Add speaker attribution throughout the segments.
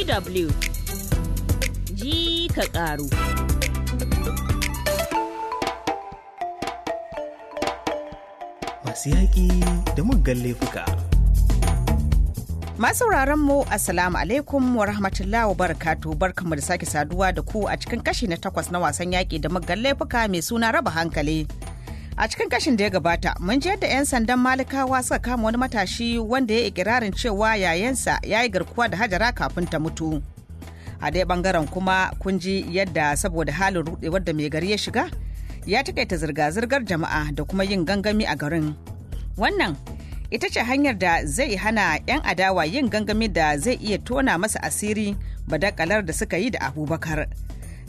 Speaker 1: DW ji ka ƙaru.
Speaker 2: Masu yaƙi da muggan laifuka.
Speaker 3: Masu mu Assalamu alaikum wa rahmatullahi wa barakatu barkamu da sake saduwa da ku a cikin kashi na takwas na wasan yaƙi da muggan laifuka mai suna raba hankali. A cikin kashin da ya gabata, mun ji yadda 'yan sandan Malikawa suka kama wani matashi wanda ya ikirarin cewa yayansa ya yi garkuwa da Hajara kafin ta mutu. A dai bangaren kuma kun ji yadda saboda halin rudewar da mai gari ya shiga, ya takaita zirga-zirgar jama'a da kuma yin gangami a garin. Wannan ita ce hanyar da zai hana 'yan adawa yin gangami da zai iya tona masa asiri badakalar da suka yi da Abubakar.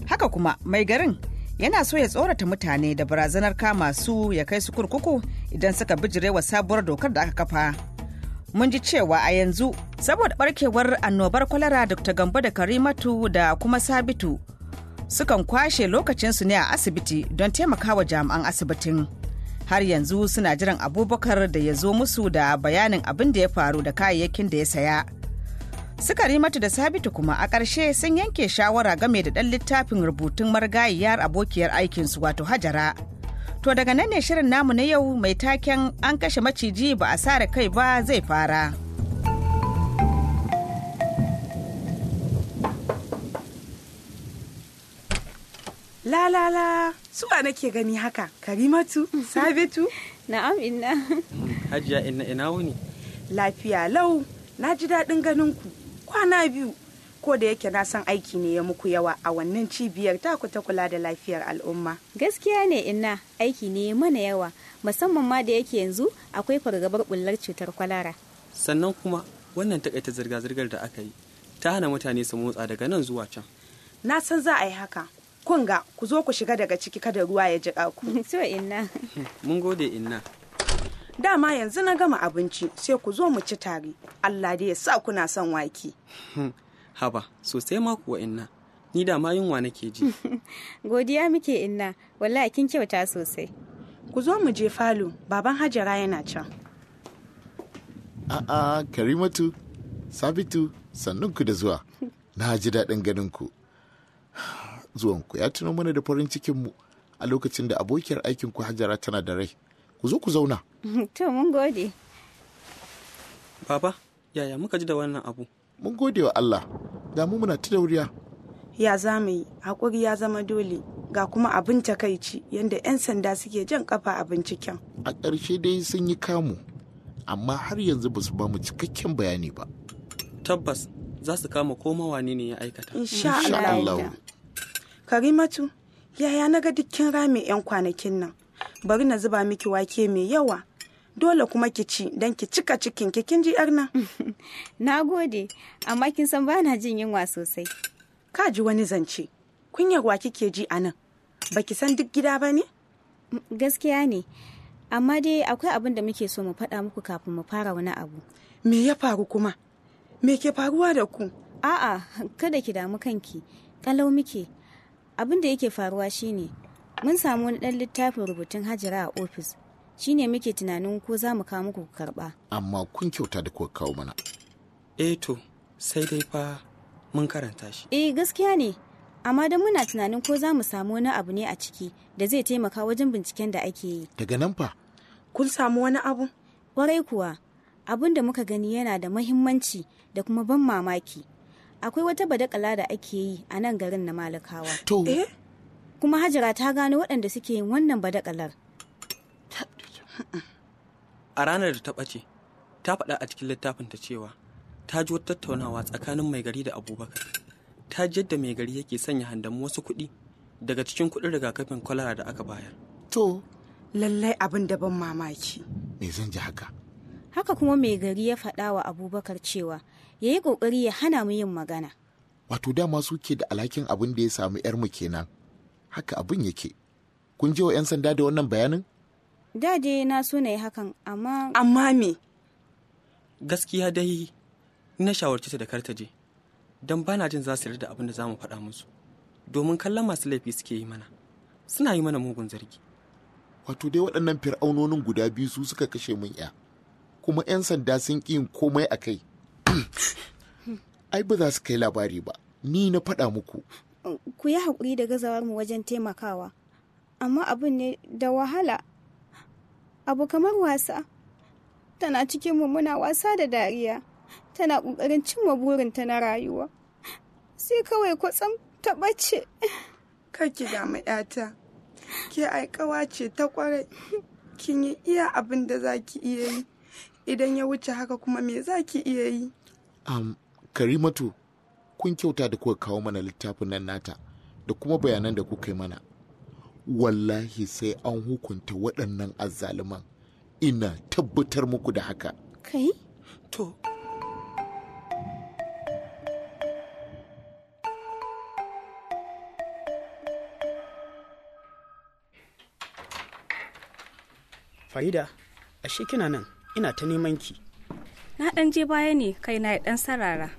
Speaker 3: Haka kuma mai garin yana so ya tsorata mutane da barazanar kama su ya kai su kurkuku idan suka bijirewa sabuwar dokar da aka kafa mun ji cewa a yanzu saboda barkewar annobar kwalara dr gambo da karimatu da kuma sabitu sukan kwashe lokacinsu ne a asibiti don taimakawa jami'an asibitin har yanzu suna jiran abubakar da ya zo musu da bayanin abin da ya faru da kayayyakin da ya saya Karimatu da Sabitu kuma a ƙarshe sun yanke shawara game da ɗan littafin rubutun marigayiyar abokiyar aikinsu wato Hajara. To daga nan ne shirin namu na yau mai taken an kashe maciji ba a sare kai ba zai fara.
Speaker 4: La la la, suwa nake gani haka, Karimatu, Sabitu? Na'am inna.
Speaker 2: Hajiya ina wuni?
Speaker 4: Lafiya lau, na ji daɗin ganin ku. kwana biyu ko da yake na san aiki ne ya muku yawa a wannan cibiyar taku ta kula da lafiyar al'umma. Gaskiya ne inna aiki ne mana yawa musamman ma da yake yanzu akwai fargabar bullar cutar kwalara.
Speaker 2: Sannan kuma wannan takaita zirga-zirgar da aka yi ta hana mutane su motsa daga nan zuwa can.
Speaker 4: Na san za a yi haka. kunga ku zo ku shiga daga ciki kada ruwa ya jiƙa ku. so inna.
Speaker 2: Mun gode inna.
Speaker 4: dama yanzu na gama abinci sai ku zo mu ci tare Allah da ya sa kuna son wake
Speaker 2: hmm, haba sosai ma kuwa inna ni dama yunwa nake ji
Speaker 4: godiya muke inna wallahi kin kyauta sosai ku zo mu je falo baban hajara yana can
Speaker 5: a'a karimatu sabitu sannunku da zuwa na ji daɗin ganin ku zuwanku ya tuno mana da farin cikin mu a lokacin da abokiyar aikinku hajara tana da rai ku zo ku zauna
Speaker 4: to mun gode
Speaker 5: baba yaya muka ji da wannan abu mun gode wa Allah da mu muna ta
Speaker 4: ya za mu yi haƙuri ya zama dole ga kuma abin takaici yadda 'yan sanda suke jan kafa a binciken
Speaker 5: a ƙarshe dai sun yi kamu amma har yanzu ba su ba mu cikakken bayani ba tabbas za su kama ko mawane ne ya aikata insha Allah
Speaker 4: karimatu yaya na ga dukkin rami 'yan kwanakin nan bari na zuba miki wake mai yawa dole kuma ki ci don ki cika cikin kin ji yar nan na gode amma kin san bana jin yunwa sosai ka ji wani zance kunyar wa ke ji a nan ki san duk gida ba ne gaskiya ne amma dai akwai abin da muke so mu faɗa muku kafin mu fara wani abu me ya faru kuma me ke faruwa da ku a'a kada ki damu kanki kalau muke abin da yake faruwa shine mun samu wani ɗan littafin rubutun hajara a ofis shine muke tunanin ko za mu kawo muku karɓa
Speaker 5: amma kun kyauta da kuka kawo mana eh to sai dai fa mun karanta shi
Speaker 4: eh gaskiya ne amma don muna tunanin ko za mu samu wani abu ne a ciki da zai taimaka wajen binciken da ake yi daga nan fa kun samu wani abu kwarai kuwa abun da muka gani yana da mahimmanci da kuma ban mamaki akwai wata badakala da ake yi a nan garin na malakawa to eh? kuma hajara ta gano waɗanda suke yin wannan badakalar
Speaker 2: a ranar da ta ɓace ta faɗa a cikin ta cewa ta ji wata tattaunawa tsakanin mai gari da abubakar ta ji yadda mai gari yake sanya mu wasu kuɗi daga cikin kuɗin rigakafin kwalara da aka bayar
Speaker 4: to lallai abin da ban mamaki
Speaker 5: me zan ji haka
Speaker 4: haka kuma mai gari ya faɗa wa abubakar cewa ya yi ƙoƙari ya hana mu yin magana
Speaker 5: wato dama suke da alhakin abin da ya samu yar mu kenan haka abin yake kun je wa 'yan sanda da wannan bayanin
Speaker 4: dade na so na yi hakan amma
Speaker 5: amma me gaskiya dai na
Speaker 2: shawarci ta da kartaje don bana jin za su yarda abin da za mu faɗa musu domin kallon
Speaker 5: masu laifi suke yi mana suna yi mana mugun zargi wato dai waɗannan fir'aunonin guda biyu su suka kashe mun ya kuma 'yan sanda sun ƙi yin komai a kai ai ba za su kai labari ba ni na faɗa muku
Speaker 4: ku yi haƙuri da gazawar mu wajen taimakawa amma abin ne da wahala abu kamar wasa tana cikin mummuna wasa da dariya tana ƙoƙarin cimma burinta na rayuwa sai kawai kwatsam ta ɓace ki damu yata ke aikawa ce ta kwarai kin yi iya abin da za ki iya yi idan ya wuce haka kuma me za ki iya yi
Speaker 5: karimatu kun kyauta da kuka kawo mana littafin nan nata da kuma bayanan da kuka yi mana wallahi sai an hukunta waɗannan azzaluman ina tabbatar muku da haka
Speaker 4: kai to
Speaker 2: Farida, ashe kina nan, ina ta neman ki.
Speaker 1: Na ɗan je baya ne kai na ɗan sarara.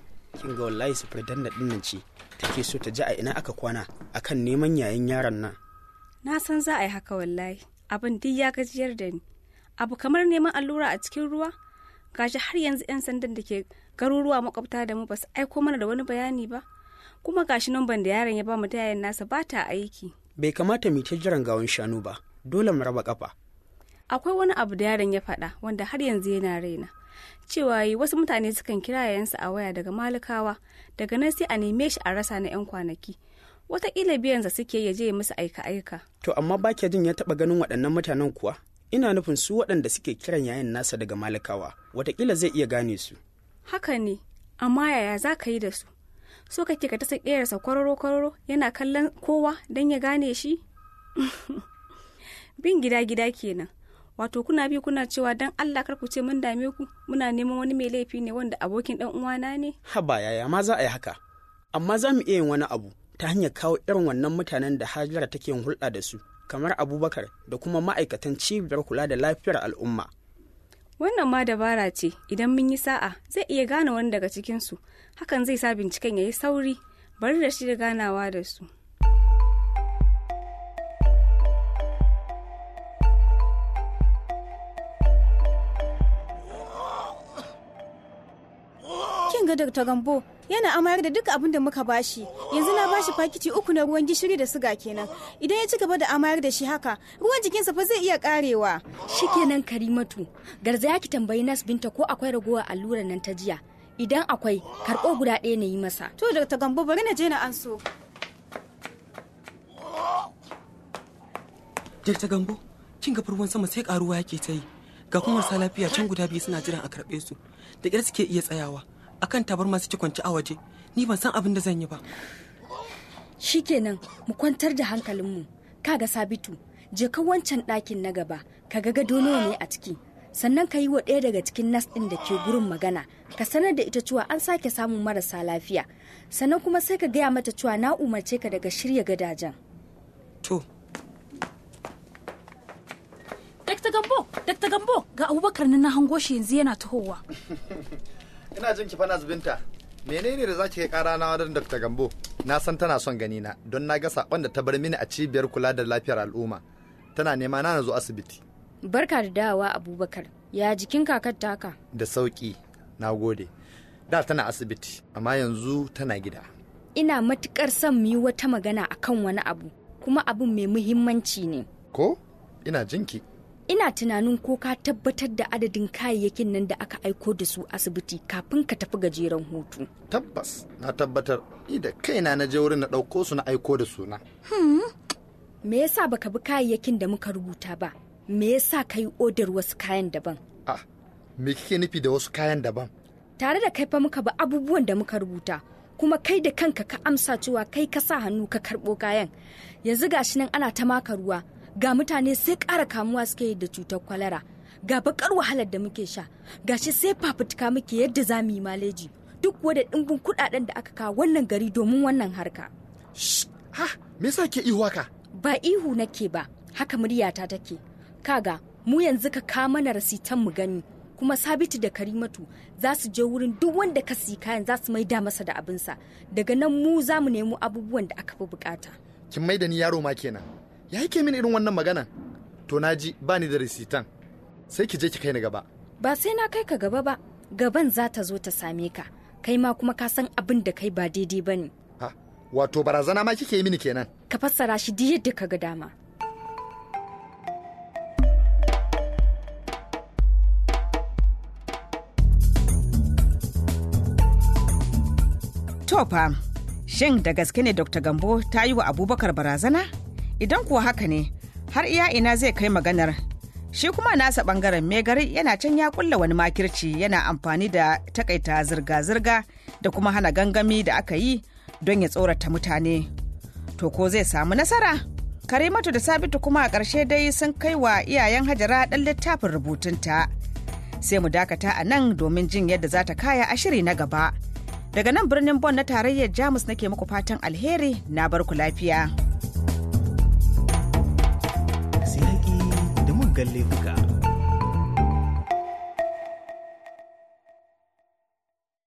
Speaker 2: kin ga wallahi sufuri danna dinnan ce take so ta ji a ina aka kwana akan neman yayin yaron nan
Speaker 1: na san za a yi haka wallahi abin duk ya gajiyar da ni abu kamar neman allura a cikin ruwa gashi har yanzu 'yan sandan da ke garuruwa makwabta da mu ba su aiko mana da wani bayani ba kuma gashi numban da yaron ya ba mu da nasa ba ta aiki
Speaker 2: bai kamata mu ta jiran gawan shanu ba dole mu raba kafa
Speaker 1: akwai wani abu da yaron ya faɗa wanda har yanzu yana raina cewa yi wasu mutane sukan kira yayansa a waya daga malikawa daga nan sai a neme shi a rasa na 'yan kwanaki wataƙila biyansa suke ya je musu aika-aika
Speaker 2: to amma ba ke jin ya taɓa ganin waɗannan mutanen kuwa ina nufin su waɗanda suke kiran yayan nasa daga malikawa watakila zai iya gane su
Speaker 1: haka ne amma yaya za ka yi da su so ka ke ka tasa ɗayarsa kwararo-kwararo yana kallon kowa don ya gane shi bin gida-gida kenan wato kuna bi kuna cewa dan Allah kar ku ce mun dame ku muna neman wani mai laifi ne wanda abokin dan uwana
Speaker 2: ne haba yaya ma za a yi haka amma za mu iya yin wani abu ta hanyar kawo irin wannan mutanen da Hajara take yin hulɗa da su kamar Abubakar da kuma ma'aikatan cibiyar kula da lafiyar al'umma
Speaker 1: wannan ma dabara ce idan mun yi sa'a zai iya gane wani daga cikinsu hakan zai sa binciken ya yi sauri bari da shi da ganawa da su
Speaker 4: ga Dr. Gambo yana amayar da duka abin da muka bashi. Yanzu na bashi fakiti uku na ruwan gishiri da
Speaker 6: suga kenan. Idan ya ci gaba da amayar da shi haka, ruwan jikinsa fa zai iya karewa. Shikenan Karimatu, garza ya ki tambayi Nas Binta ko akwai ragowar allurar nan ta jiya. Idan akwai, karɓo guda ɗaya na yi masa. To Dr. Gambo bari na je na an so.
Speaker 2: Dr. Gambo, kin ga ruwan sama sai karuwa yake ta yi. Ga kuma lafiya can guda biyu suna jiran a karɓe su. Da ƙyar suke iya tsayawa. akan tabar masu ci kwanci a waje ni ban san abin da zan yi ba
Speaker 6: shi shikenan mu kwantar da hankalinmu ga sabitu je ka wancan ɗakin na gaba ka ga gado nawa ne a ciki sannan ka yi wa ɗaya daga cikin nas ɗin da ke gurin magana ka sanar da ita cewa an sake samun marasa lafiya sannan kuma sai ka gaya mata cewa na umarce ka daga shirya gadajen to dakta Gambo,
Speaker 1: dakta Gambo, ga abubakar na hango shi yanzu yana tahowa.
Speaker 7: ina jin ki fana zubinta menene da zaki kai kara na wadan Dr. Gambo na san tana son gani na don na ga sakon da ta bar mini a cibiyar kula da lafiyar al'umma tana nema na zo asibiti
Speaker 6: barka da dawowa Abubakar ya jikin kakar taka
Speaker 7: da sauki nagode da tana asibiti amma yanzu tana gida
Speaker 6: ina matukar son mu yi wata magana akan wani abu kuma abin mai muhimmanci ne
Speaker 7: ko ina jinki
Speaker 6: ina tunanin ko ka tabbatar da adadin kayayyakin nan da aka aiko da su asibiti kafin ka tafi gajeren
Speaker 7: hutu tabbas na tabbatar ni da kaina na je wurin na ɗauko su na aiko da suna
Speaker 6: hmm. me yasa baka bi kayayyakin da muka rubuta ba me yasa ka yi odar wasu kayan daban
Speaker 7: ah me kike nufi da wasu kayan daban
Speaker 6: tare da kai fa muka bi abubuwan da muka rubuta kuma kai da kanka ka amsa cewa kai ka sa hannu ka karɓo kayan yanzu gashi nan ana ta maka ruwa ga mutane sai ƙara kamuwa suke da cutar kwalara ga bakar wahalar da muke sha gashi sai fafutuka muke yadda za mu yi maleji duk wadda ɗimbin kuɗaɗen da aka kawo wannan gari domin wannan harka. ha me yasa ke ihu haka ba ihu nake ba haka muryata take kaga mu yanzu ka ka mana rasitan mu gani kuma sabitu da karimatu za su je wurin duk wanda ka si kayan za su maida masa da abinsa daga nan mu za mu nemo abubuwan da aka fi bukata
Speaker 7: kin maida ni yaro ma kenan ya yake mini irin wannan magana to na ji ba ni da risitan sai ki je ki kai ni gaba
Speaker 6: ba sai na kai ka gaba ba gaban za ta zo ta same ka kai ma kuma ka san abin da kai ba daidai ba ne
Speaker 7: wato barazana ma kike yi mini kenan
Speaker 6: ka fassara shi duk yadda ka ga dama
Speaker 3: tofa shin da gaske ne dr gambo ta yi wa abubakar barazana idan kuwa haka ne har iya ina zai kai maganar shi kuma nasa bangaren megari yana can ya kulla wani makirci yana amfani da takaita zirga-zirga da kuma hana gangami da aka yi don ya tsorata mutane to ko zai samu nasara karimatu da sabitu kuma a ƙarshe dai sun kai wa iyayen hajara ɗan littafin rubutunta sai mu dakata a nan domin jin yadda za ta kaya a shiri na gaba daga nan birnin bon na tarayyar jamus nake muku fatan alheri na barku lafiya.
Speaker 2: قال لي بكى